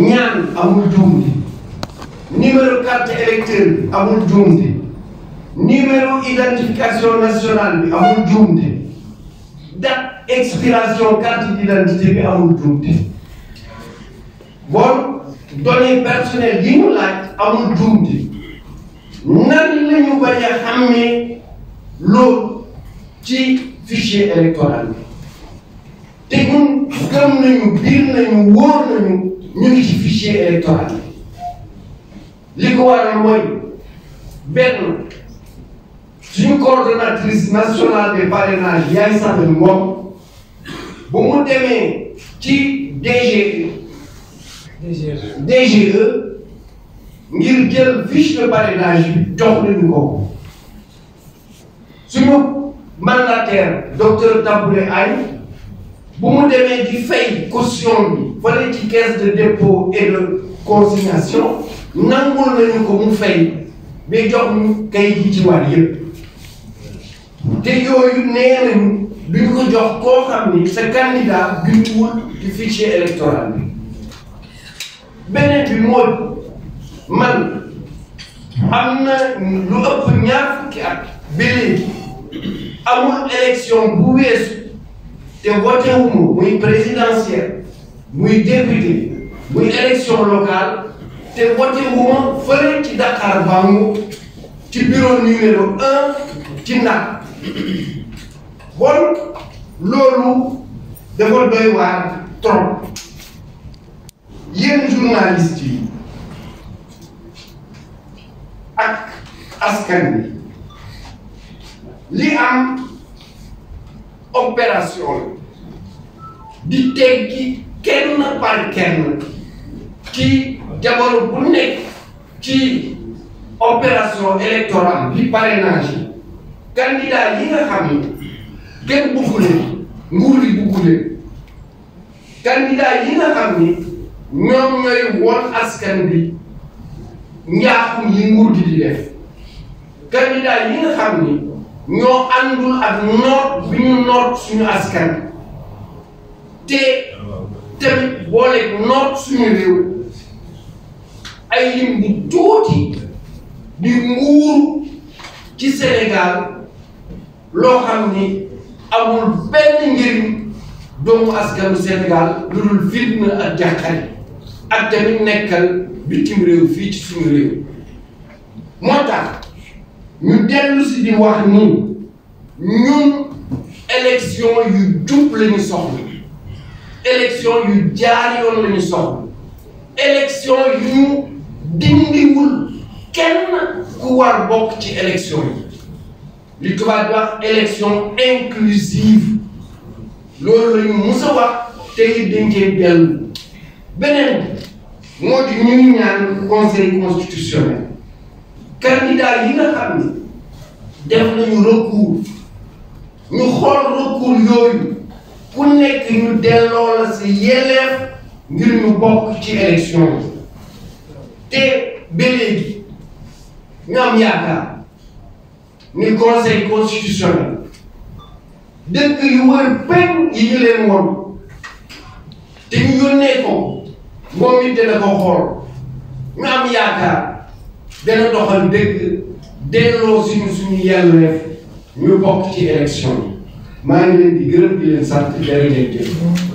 ñaan amul juumte numéro carte électeur bi amul juumte numéro identification nationale bi amul juumte date expiration carte d'identité amul juumte bon données personnelles yi amul juumte nan la ñu bañ a xàmmee loolu ci fichier électoral bi te ñun gëm nañu biir nañu wóor nañu ñu ngi ci fichier électoral li ko waral mooy benn suñu coordonnatrice nationale des parrainages yaay sant moom bu mu demee ci DGE. DGE DGE ngir jël fiche de parrainage bi jox nañu ko suñu mandataire docteur Tamboulé Aye. bu mu demee di fay caution bi fële ci caisse de dépôt et de consignation nangul ko mu fay ba jox ñu kay ji ci wàll yépp yooyu nee nañu duñ ko jox koo xam ni sa candidat duñ wut ci fichier électoral bi beneen am na lu ëpp ñaar fukki at ba léegi bu weesu te voté wuñu muy présidentielle muy député muy élection locale te voté wu ma Dakar Bango ci bureau numéro un ci nag bon loolu dafa doy waar trop yéen journaliste ak askan wi li am. opération la di teggi kenn par kenn ci jamono bu nekk ci opération électorale bi parrainage yi candidat yi nga xam ne kenn bëggu leen nguur yi bëggu leen yi nga xam ni ñoom ñooy woon askan bi njaaxum yi nguur gi di def yi nga xam ni ñoo àndul ak noot bi ñu noot suñu askan te tamit boole noot suñu réew ay lim bu tuuti di nguur ci Sénégal loo xam ni amul benn njëriñ doomu askanu Sénégal lu dul fitna ak jàqari ak tamit nekkal bitim réew fii ci suñu réew moo tax ñu dellusi si di wax ni ñun élection yu jub la ñu soxla élection yu jaar yoon la ñu élection yu dindiwul kenn ku war bokk ci élection li tubaab di wax élection inclusive loolu la ñu mus a wax dellu beneen moo di ñuy ñaan conseil constitutionnel candidat yi nga xam ni def nañu recours ñu xool recours yooyu ku nekk ñu delloo la si yelleef ngir ñu bokk ci élection bi te ba léegi ñu ni conseil constitutionnel dëkk yu wër benn yi ñu leen te ñu yónnee moom it dana ko xool ñu am dana doxal dëgg delloo suñu suñu yelleef ñu bokk ci élection yi maa ngi leen di gërëm di leen sant di leen jëf